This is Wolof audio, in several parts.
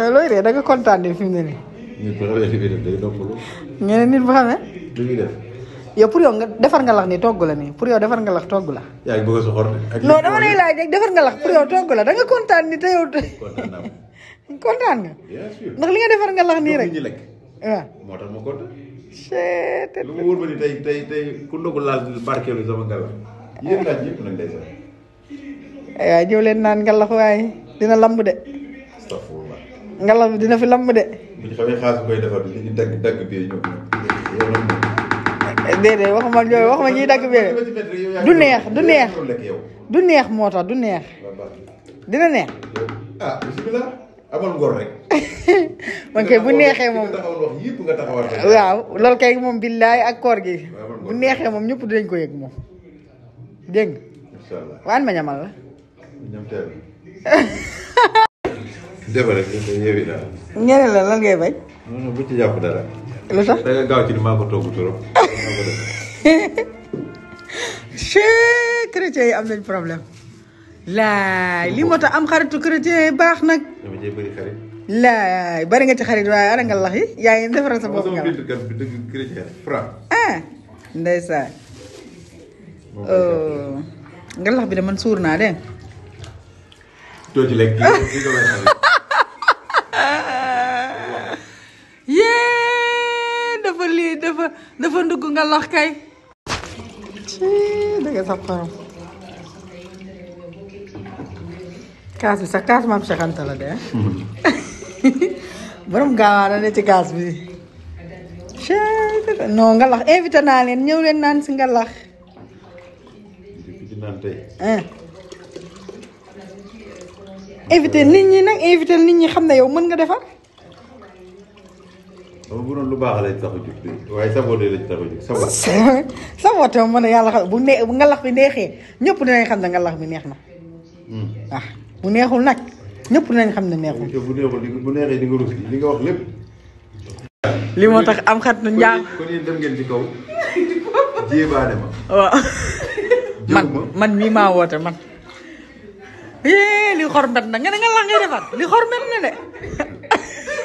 Eh, looy ree da nga kontaan de fi mu ne nii. nit bu bu xamee. li pour yow nga defar nga lax ni togg la nii pour yow defar nga lax togg la. yaa ngi defar nga lax pour yow togg la da nga kontaan te yow. kontaan naa ko kontaan nga. ndax li nga defar nga lax nii rek. ñu lekk. moo tax ma te lu ma wóor ma ni tey tey tey ku ndogu naan ngalax waaye dina lamb de. astafurlah. ngalam dina fi lamb de. bu ñu xamee xaalis koy defar li ñu dagg dagg bee ñoom yow nag moom. déedéet waxuma ñooy du neex du neex moo tax du neex. dina neex. ah bisimilah amal ngor rek. man kay bu neexee moom waaw loolu kay moom billaay ak koor gi. bu neexee moom ñépp dinañ ko yëg moom dégg nga. ma ñamal la. Deba rek ñun ñëwi daal. ñeneen la lan ngay bañ. non non dara. lu gaaw ci ni maa ko togg trop. chrétien yi am nañ problème. laay li moo tax am xaritu chrétien yi baax nag. dama bari nga ci xarit waaye ara nga lax yi yaa ngi defaral sa bopp nga wax sama bi dëgg ah, oh. bi de man suur naa de. dafa ndugg nga kay cii dëgg sax xorom kaas bi sax kaas maam Cheikh Anta la de ah. borom ne ci kaas bi non nga lax invité naa leen ñëw leen naan si nga lax ah. invité nit ñi nag invité nit ñi xam ne yow mën nga defar loolu lu baax lay tax a jóg waaye saboté lañ tax a jóg xam bu ne bu ngalax bi neexee ñëpp dinañ xam ne ngalax bi neex na. waaw hmm. ah, bu neexul nag ñëpp nañ xam ne neexul. bu neexul neexee di nga rus nga wax lépp. li moo tax am xat nu njaa. kon yéen dem ngeen ci kaw. ma. man man woote man. Eh, li xor mbet na nga ne ngalax ngay defar li xor mbet na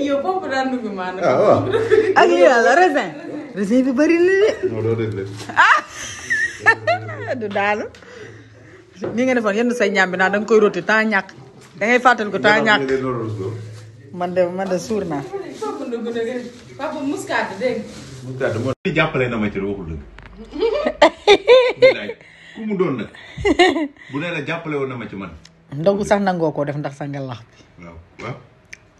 yow pompe daan dugg maanaam. ah waaw bi bëri na de. ah du daal. nii nga defoon yenn say ñaam bi naa da koy rooti temps ñàkk da ngay fàttali ko temps ñàkk. man de man de suur naa. papa muskaat dégg moo di jàppale na ma ci waxul dëgg. ku ma ci man. ndogu sax nangoo koo def ndax sa ngalax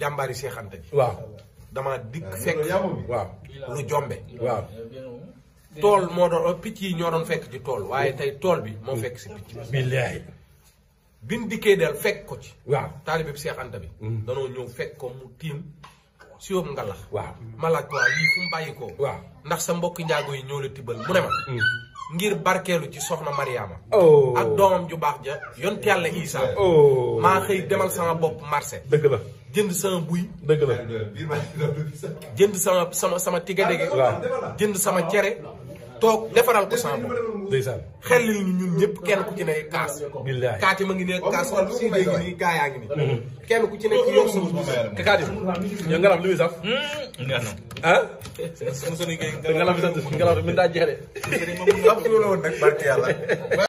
jàmbaari Cheikh Anta ji. waaw dama dikk ah, fekk. waaw lu jombe. waaw tool moo doon picc yi ñoo doon fekk ci tool waaye tey tool bi moo fekk si picc. billaahi. bin dikkee daal fekk ko ci. waaw taalibe bi Cheikh Anta bi. Mm. danoo ñëw fekk ko mu tiim. siwam ngalax waaw ma laaj ko lii fu bàyyi ko waaw ndax sa mbokk njaago yi ñoo la tibbal mu ne ma mm. ngir barkeelu ci soxna Mariama oh. ak doomam ju baax ja yont yàlla Isa oh. maa xëy demal sama bopp marché dëgg la jënd sama buy dëgg la jënd sama sama sama tigadege ah, jënd sama cere toog defaral ko sàmm. ndeysaan xelil ñu ñun ñëpp kenn ku ci ne kaas. billaay kaati ma ngi ne kaas wala si dégg nii gaa yaa ngi nii. kenn ku ci nekk yow sa bopp. kaati yow ngelaw li muy saf. ah. ngelaw bi sax ngelaw bi mi daa jeex de. am na lu la woon